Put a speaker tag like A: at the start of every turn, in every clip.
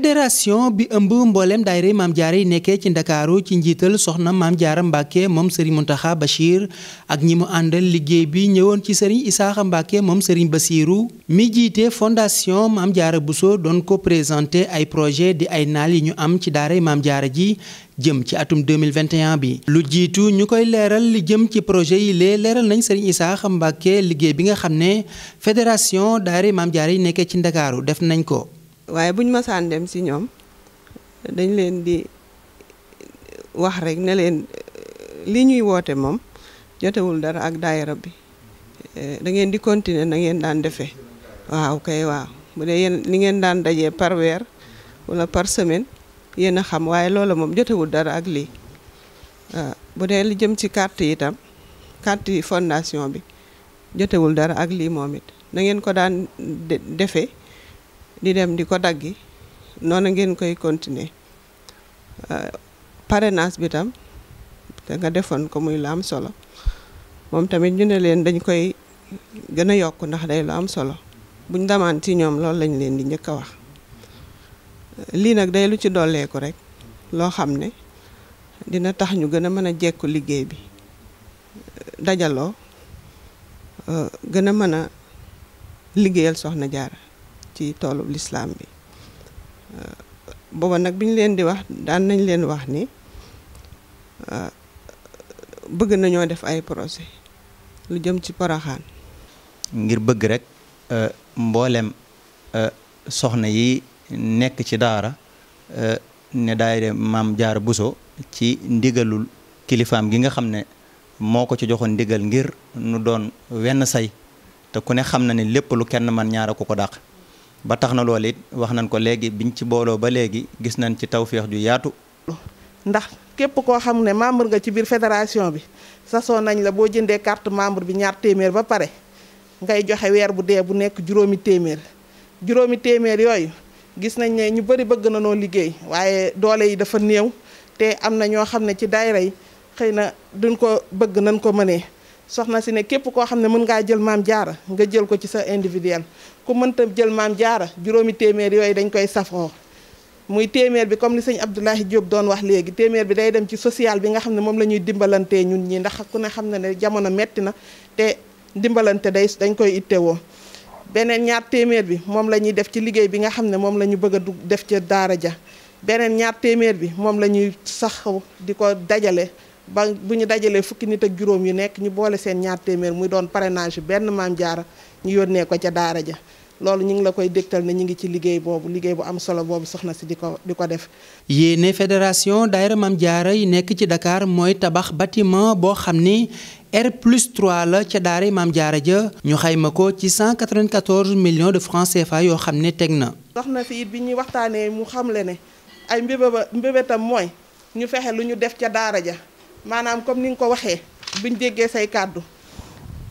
A: fédération bi ëmb mbooleem daayira maam jaara yi nekkee ci ndakaaru ci njiital soxna maam jaara mbàkke moom sëriñ muntaxa bachir ak ñi mu àndal liggéey bi ñëwoon ci sëriñ isaaxa mbàkke moom sëriñ basiiru mi jiite fondation maam jaara buso doon ko présenté ay projet di ay naal yi ñu am ci daara maam jaara ji jëm ci atum 2021 bi lu jiitu ñu koy leeral li jëm ci projet yi lee leeral nañ sëriñ isaaxa mbàkke liggéey bi nga xam ne fédération daara maam yi nekkee ci ndakaaru def nañ ko waaye buñ masaan dem si ñoom dañ leen di
B: wax rek ne leen eh, li ñuy woote moom jotewul dara ak daayira bi eh, da ngeen di continuer na ngeen daan defee waaw kay waaw bu dee li ngeen daan dajee par weer wala par semaine yéen xam waaye loola moom jotewul dara ak lii waaw ah, bu dee li jëm ci carte yi itam carte fondation bi jotewul dara ak lii moom it na ngeen ko daan defee di dem di ko daggi noonu ngeen koy continuer euh, parrainage bi tam te nga defoon ko muy lu am solo moom tamit ñu ne leen dañ koy gën a yokk ndax day lu am solo buñ damaan ci ñoom loolu lañ leen di njëkk a wax lii nag day lu ci dolleeku rek loo xam ne dina tax ñu gën a mën a jekku liggéey bi dajaloo euh, gën a mën a liggéeyal soxna jaara ci toolu lislaam bi euh, booba nag bi ñu leen di wax daan nañ leen wax ni euh, bëgg nañoo def ay projet lu jëm ci
C: Poroxaan ngir bëgg rek euh, mbooleem soxna yi nekk ci daara ne daayira maam Jaara Buso ci ndigalul kilifaam gi nga xam ne moo ko ci joxoon ndigal ngir nu doon wenn say te ku ne xam na ne lépp lu kenn man ñaar ko ko dàq ba tax na loolu it wax nañ ko léegi bi ñu ci booloo ba léegi gis nañ ci tawféex ju yaatu. ndax képp
D: koo xam ne membre nga ci biir fédération bi sasoo nañ la boo jëndee carte membre bi ñaar téeméer ba pare ngay joxe weer bu dee bu nekk juróomi téeméer juróomi téeméer yooyu gis nañ ne ñu bëri bëgg na noo liggéey waaye doole yi dafa néew te am na ñoo xam ne ci daayira yi xëy na duñ ko bëgg nañ ko mënee soxna si ne képp koo xam ne mën ngaa jël maam jaara nga jël ko ci sa individuel ku mënta jël maam jaara juróomi téeméer yooyu dañ koy safoo muy téeméer bi comme li sëñ Abdoulahi jóob doon wax léegi téeméer bi day dem ci social bi nga xam ne moom la ñuy dimbalantee ñun ñi ndax ku ne xam na ne jamono metti na te dimbalante day dañ koy ittewoo beneen ñaar téeméer bi moom la ñuy def ci liggéey bi nga xam ne moom la ñu bëgg a dugg def ca daara ja beneen ñaar téeméer bi moom la ñuy sax di ko dajale ba bu ñu dajalee fukki nit ak juróom yu nekk ñu boole seen ñaar téeméer muy doon parrainage benn maam jaara ñu yónnee ko ca daara ja loolu ñu ngi la koy dégtal na ñu ngi ci liggéey boobu liggéey bu am solo boobu soxna si di ko di ko def.
A: yéene fédération daayira Maam Jaara yi nekk ci Dakar mooy tabax bâtiment boo xam ni R plus 3 la ca daara Maam Jaara ja ñu xayma ko ci 194 millions de francs CFA yoo xam ne teg na.
D: soxna si it bi ñuy waxtaanee mu xamle ne ay mbébéba mbébétam mooy ñu fexe lu ñu def ca daara ja maanaam comme ni nga ko waxee buñ déggee say kàddu.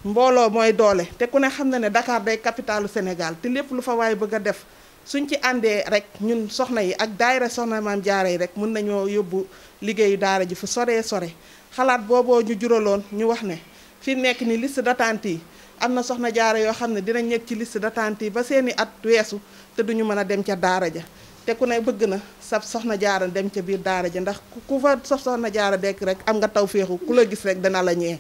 D: mbooloo mooy doole te ku ne xam na ne Dakar day capitalu Sénégal te lépp lu fa waay bëgg a def suñ ci àndee rek ñun soxna yi ak daayira soxna maam jaare yi rek mun nañoo yóbbu liggéeyu daara ji fu soree sore xalaat booboo ñu juraloon ñu wax ne fi nekk ni liste d'attente yi am na soxna jaare yoo xam ne dinañ nekk ci liste d'attente yi ba seeni at weesu te duñu mën a dem ca daara ja te ku ne bëgg na sab soxna jaara dem ca biir daara ja ndax ku fa sox soxna jaara dekk rek am nga taw féexu ku la gis rek dana la ñee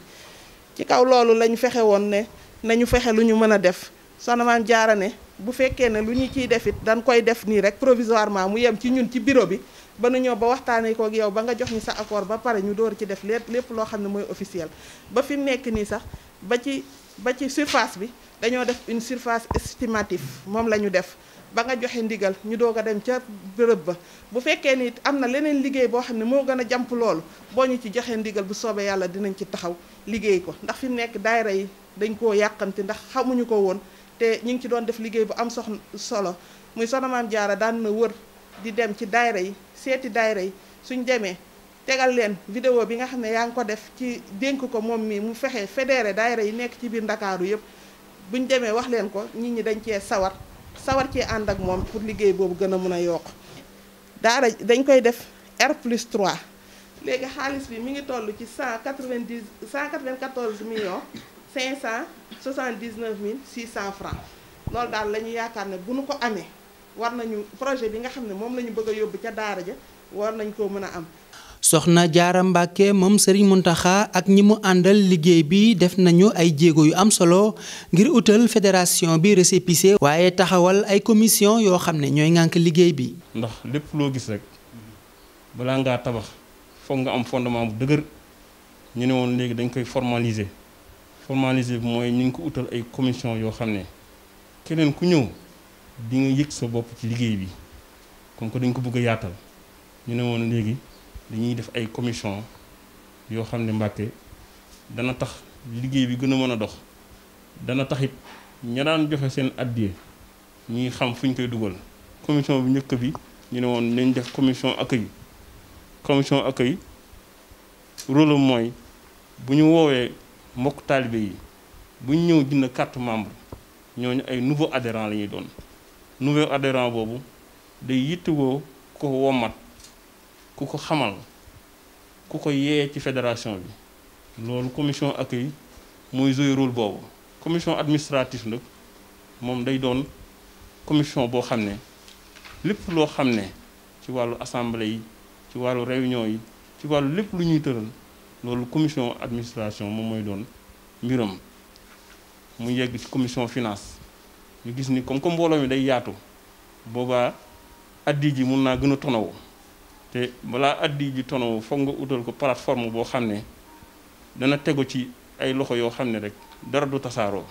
D: ci kaw loolu lañ fexe woon ne nañu fexe lu ñu mën a def soxna maam jaara ne bu fekkee ne lu ñu ciy def it dañ koy def nii rek provisoirement mu yem ci ñun ci bureau bi ba nu ñëw ba waxtaanee kook yow ba nga jox ñu sa accord ba pare ñu door ci def lépp lépp loo xam ne mooy officiel ba fi mu nekk nii sax ba ci ba ci surface bi dañoo def une surface estimative moom la ñu def ba nga joxe ndigal ñu doog a dem ca bërëb ba bu fekkee ni am na leneen liggéey boo xam ne moo gën a jàmp loolu boo ñu ci joxee ndigal bu soobee yàlla dinañ ci taxaw liggéey ko ndax fi mu nekk daayira yi dañ koo yàqanti ndax xamuñu ko woon te ñu ngi ci doon def liggéey bu am sox solo muy Soxna Maam Jaara daan na wër di dem ci daayira yi seeti daayira yi suñ demee tegal leen vidéo bi nga xam ne yaa ngi ko def ci dénk ko moom mii mu fexe fédéré daayira yi nekk ci biir Ndakaaru yëpp buñ demee wax leen ko nit ñi dañ cee sawar sawar cee ànd ak moom pour liggéey boobu gën a mun a yokk daara dañ koy def R plus 3 léegi xaalis bi mi ngi toll ci cent quatre vingt dix cent quatre vingt quatorze millions cinq cent soixante dix neuf mille six cent francs loolu daal la ñu yaakaar ne bu nu ko amee war nañu projet bi nga xam ne moom la ñu bëgg a yóbbu ca daara ja war nañ koo mën a am.
A: soxna jaara mbàkke moom sëriñ muntaxa ak ñi mu àndal liggéey bi def nañu ay jéego yu am solo ngir utal fédération bi récépissé waaye taxawal ay commission yoo xam ne ñooy ŋànk liggéey bi
E: ndax lépp loo gis rek balaa ngaa tabax foog nga am fondement bu dëgër ñu ne woon léegi dañ koy formaliser formaliser bi mooy ñu ngi ko utal ay commission yoo xam ne keneen ku ñëw di nga yëg sa bopp ci liggéey bi comme que dañ ko bugg a yaatal ñu ne woon léegi dañuy def ay commission yoo xam ne Mbàkke dana tax liggéey bi gën a mën a dox dana taxit ña daan joxe seen addiye ñuy xam fu ñu koy dugal commission bi njëkk bi ñu ne woon nañ def commission accueil commission accueil rôle mooy bu ñu woowee mbokk taalibe yi buñ ñëw dina carte membre ñooñu ay nouveau adhérent lañuy doon nouveau adhérent boobu day yittewoo ko womat ku ko xamal ku ko yee ci fédération bi loolu commission accueil mooy jouer rôle boobu commission administrative nag moom day doon commission boo xam ne lépp loo xam ne ci wàllu assemblée yi ci wàllu réunion yi ci wàllu lépp lu ñuy tëral loolu commission administration moom mooy doon mbiram mu yegg ci commission finance ñu gis ni comme comme mbooloo mi day yaatu boobaa addi ji mun naa gën a tonawu te balaa addi ji tono foog nga utal ko plateforme boo xam ne dana tegu ci ay loxo yoo xam ne rek dara du tasaaroo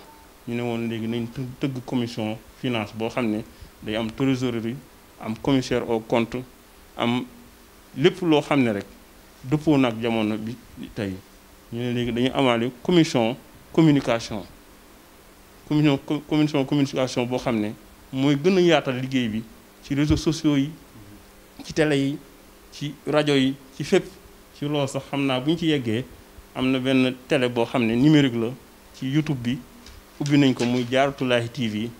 E: ñu ne woon léegi nañ tëgg commission finance boo xam ne day am trésorerie am commissaire au compte am lépp loo xam ne rek dëppoo ak jamono bi tey ñu ne léegi dañu amaale commission communication commission commission communication boo xam ne mooy gën a yaatal liggéey bi ci réseau sociaux yi ci télé yi ci rajo yi ci fépp ci loolu sax xam naa bu ci yeggee am na benn télé boo xam ne numérique la ci YouTube bi ubbi nañ ko muy Jaaratulaahi TV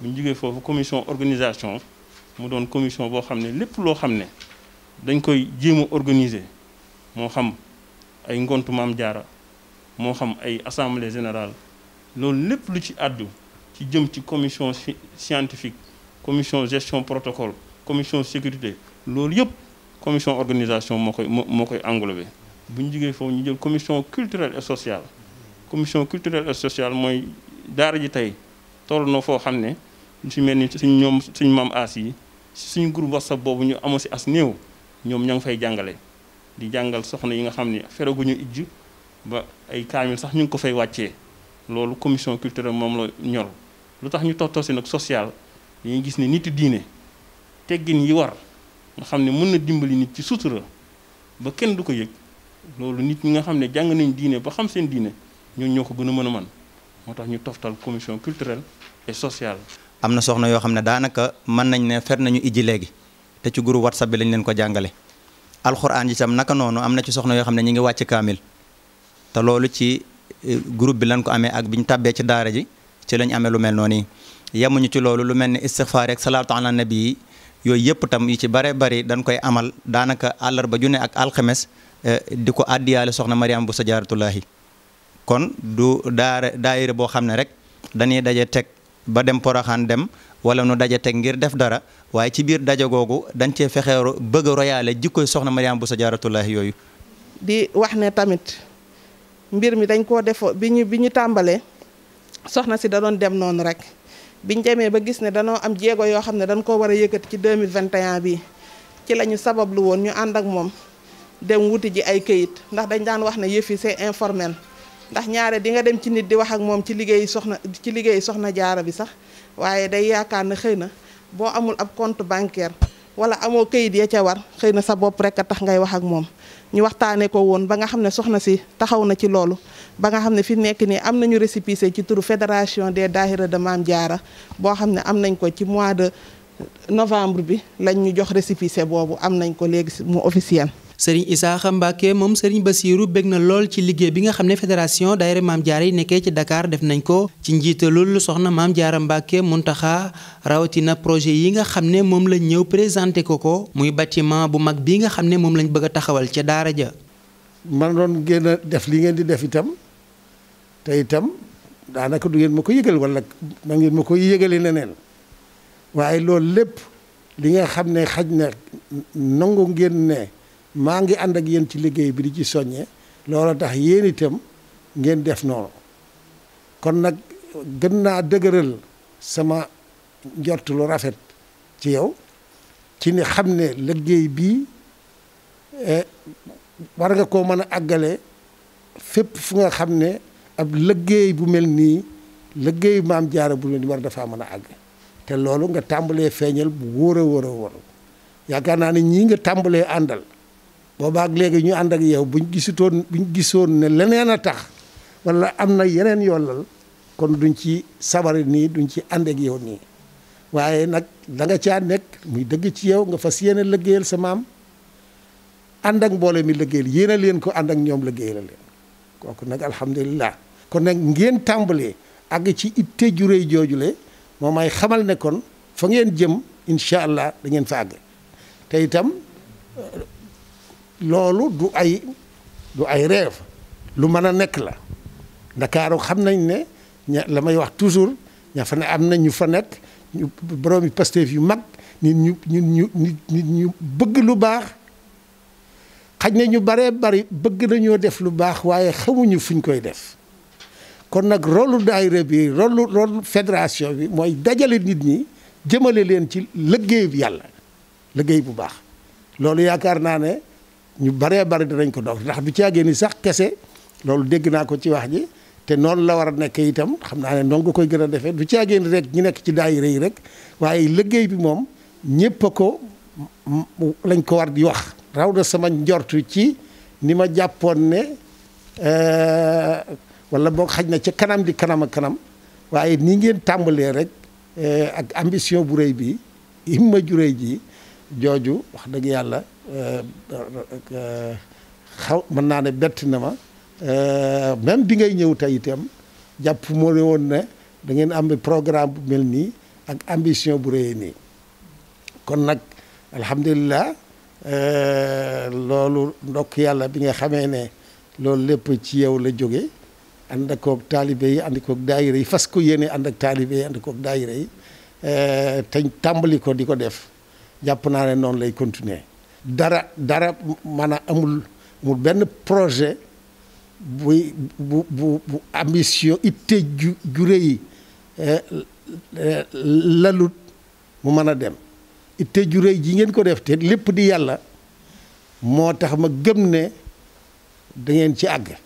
E: bu ñu jógee foofu commission organisation mu doon commission boo xam ne lépp loo xam ne dañ koy jéem a organiser moo xam ay ngontu maam jaara moo xam ay assemblée générale loolu lépp lu ci àddu ci jëm ci commission scientifique commission gestion protocole commission sécurité loolu yëpp commission organisation moo koy moo koy englobé bu ñu jigee foofu ñu jël commission culturelle et social commission culturelle et sociale mooy daara ji tey toll na foo xam ne si mel ni suñ ñoom suñ maam aas yi suñu groupe boobu ñu amoo si as néew ñoom ña ngi fay jàngale di jàngal soxna yi nga xam ne fereguñu ijj ba ay kaamil sax ñu ngi ko fay wàccee loolu commission culturelle moom la ñor lu tax ñu toog si nag social dañuy gis ne nit diine teggin yi war nga xam ne mën na dimbali nit ci sutura ba kenn du ko yëg loolu nit ñi nga xam ne jàng nañ diine ba xam seen diine ñooñu ñoo ko gën a mën a man moo tax ñu toftal commission culturelle et sociale.
C: am na soxna yoo xam ne daanaka mën nañ ne fer nañu ijji léegi te ci groupe whatsapp bi lañ leen ko jàngale alxuraan yi sam naka noonu am na ci soxna yoo xam ne ñu ngi wàcc kaamil te loolu ci eh, groupe bi lañ ko amee ak bi ñu tàbbee ci daara ji ci lañ amee lu mel noonu yi yemuñu ci loolu lu mel ne istixfaar ak salaatu ala nabi yi yooyu yëpp tam yu ci bare bari dañ koy amal daanaka àllarba ju ne ak alxames eh, di ko àddiyaale soxna Mariama bu sa jaaratullaahi kon du daara daayira boo xam ne rek dañuy daje teg ba dem poroxaan dem wala nu daje teg ngir def dara waaye ci biir daje googu dañ cee fexe bëgg a royaale jikkoy soxna Mariama bu sa jaaratullaahi yooyu.
D: di wax ne tamit mbir mi dañ koo defo bi ñu bi ñu tàmbalee soxna si da doon dem noonu rek. biñ demee ba gis ne danoo am jéego yoo xam ne dañ ko war a yëkkati ci 2021 bii ci la ñu sabablu woon ñu ànd ak moom dem wuti ji ay këyit ndax dañ daan wax ne yëf yi c'est informel ndax ñaare di nga dem ci nit di wax ak moom ci liggéey soxna ci liggéey soxna jaaro bi sax waaye day yaakaar na xëy na boo amul ab compte bancaire wala amoo kayit yee ca war xëy na sa bopp rek a tax ngay wax ak moom ñu waxtaanee ko woon ba nga xam ne soxna si taxaw na ci loolu ba nga xam ne fi nekk nii am nañu récépissé ci turu fédération des daahira de Maam Jaara boo xam ne am nañ ko ci mois de novembre bi lañ ñu jox récépissé boobu am nañ ko léegi mu officiel.
A: sëriñ Isaaxa Mbacke moom sëriñ Basiiru bég na lool ci liggéey bi nga xam ne fédération daayira Maam Jaara yi nekkee ci dakaar def nañ ko ci njiitalul soxna Maam Jaara Mbacke Muntaxa rawatina projet yi nga xam ne moom lañ ñëw présenté ko ko muy bâtiment bu mag bi nga xam ne moom lañ bëgg a taxawal ca daara ja
F: man doon gën def li ngeen di def itam te itam daanaka du ngeen ma ko yëgal wala ma ngeen ma ko yëgale neneen waaye loolu lépp li nga xam ne xaj na nangu ngeen maa ngi ànd ak yéen ci liggéey bi di ci soññe loolu tax yéen itam ngeen def noonu kon nag gën naa dëgëral sama njort lu rafet ci yow ci ni xam ne liggéey bii eh, war nga koo mën a àggale fépp fu nga xam ne ab liggéey bu mel nii liggéey maam jaara bu mel war dafaa mën a àgg te loolu nga tàmbalee feeñal bu wóor a wóor a wóor yaakaar naa ne ñii nga tàmbalee àndal boobaak léegi ñu ànd ak yow buñ gisutoon ñu gisoon ne leneen a tax wala am na yeneen yoolal kon duñ ci sabari nii duñ ci ànd ak yow nii waaye nag danga nga nekk muy dëgg ci yow nga fas yeneen liggéeyal sa maam ànd ak mboole mi liggéeyal yéene leen ko ànd ak ñoom liggéeyal leen kooku nag alhamdulilah kon nag ngeen tàmbalee àgg ci itte ju réy joojule moom ay xamal ne kon fa ngeen jëm incha allah dangeen ngeen fa àgg te itam loolu du ay du ay rêve lu mën a nekk la ndakaaru xam nañ ne ña la may wax toujours ña fa ne am na ñu fa nekk ñu boroomi Pastef yu mag nit ñu nit ñu nit ñu bëgg lu baax xaj na ñu baree bari bëgg nañoo def lu baax waaye xamuñu fuñ koy def kon nag rôlu daayira bi rôlu rôlu fédération bi mooy dajale nit ñi jëmale leen ci liggéey yàlla liggéey bu baax loolu yaakaar naa ne ñu baree bari danañ ko dox ndax du àggee ni sax kese loolu dégg naa ko ci wax ji te noonu la war a nekk itam xam naa ne noonu nga koy gën a defee du caagee ni rek ñu nekk ci daayira yi rek waaye liggéey bi moom ñëpp a ko lañ ko war di wax raw na sama njort ci ni ma jàppoon ne euh, wala boo xaj na ci kanam di kanam kanam waaye ni ngeen tàmbalee rek euh, ak ambition bu rëy bi himma ju rëy ji jooju wax dëgg yàlla euh, euh, xaw mën naa ne bett na ma euh, même bi ngay ñëw tey itam jàpp moo ne woon ne da ngeen am programme bu mel nii ak ambition bu rëy nii kon nag alhamdulilah loolu ndokk yàlla bi nga xamee ne loolu lépp ci yow la jóge ànd akoog taalibe yi ànd akoog daayira yi fas ko yéene ànd ak taalibe yi ànd akoog daayira yi te tàmbali ko di ko def jàpp naa ne noonu lay continuer dara dara a amul amul benn projet buy bu bu bu ambition itte ju ju rëy yi eh, eh, lalut mu mën a dem itte ju rëy ji ngeen ko def te lépp di yàlla moo tax ma gëm ne dangeen ci àgg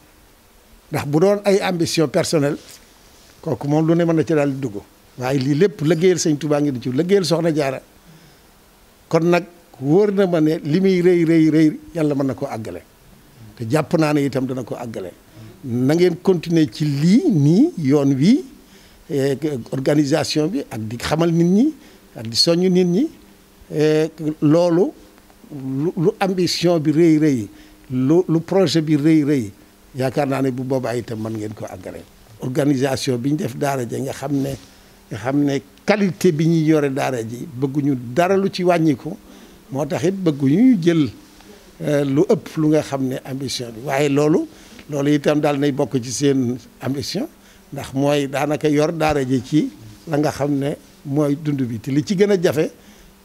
F: ndax bu doon ay ambition personnelle kooku moom lu ne mën na ci daal di dugg waaye lii lépp liggéeyal Sëñ Tuubaa ngeen ci liggéeyal Soxna Jaara kon nag wóor na ma ne li muy rëy rëy rëy yàlla mën na ko àggale te jàpp naa ne itam dana ko àggale nangeen ngeen continuer ci lii nii yoon wi eh, organisation bi ak di xamal nit ñi ak di soññ nit ñi eh, loolu lu ambition bi rëy rëy lu lu projet bi rëy rëy yaakaar naa ne bu boobaa itam mën ngeen ko àggale organisation bi ñu def daara ja nga xam ne nga xam ne qualité bi ñuy yore daara ji bëgguñu dara lu ci wàññiku moo tax it bëgguñu jël euh, lu ëpp lu nga xam ne ambition bi waaye loolu loolu itam daal nay bokk ci seen ambition ndax mooy daanaka yor daara ji ci la nga xam ne mooy dund bi te li ci gën a jafe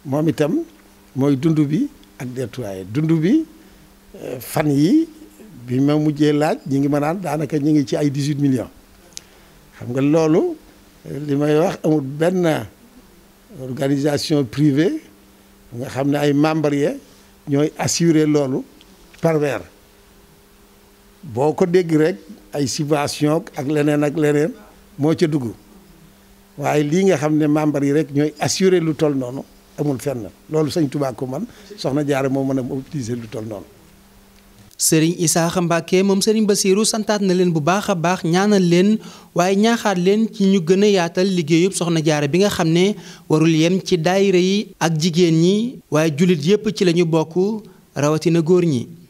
F: moom itam mooy dund bi ak detuwaay dund bi euh, fan yi bi ma mujjee laaj ñu ngi ma naan daanaka ñu ngi ci ay 18 millions xam nga loolu li may wax amut benn organisation privée nga xam ne ay membres ye ñooy assurer loolu par weer boo ko dégg rek ay subvention ak leneen ak leneen moo ca dugg waaye lii nga xam ne membres yi rek ñooy assurer lu toll noonu amul fenn loolu Sëñ Tuubaa man soxna Jaara moo mën a utiliser lu toll noonu sëriñ
A: Isaaxa Mbàkke moom sëriñ Basiiru santaat na leen bu baax a baax ñaanal leen waaye ñaaxaat leen ci ñu gën a yaatal liggéeyub soxna jaara bi nga xam ne warul yem ci daayira yi ak jigéen ñi waaye jullit yépp ci lañu bokk rawatina góor ñi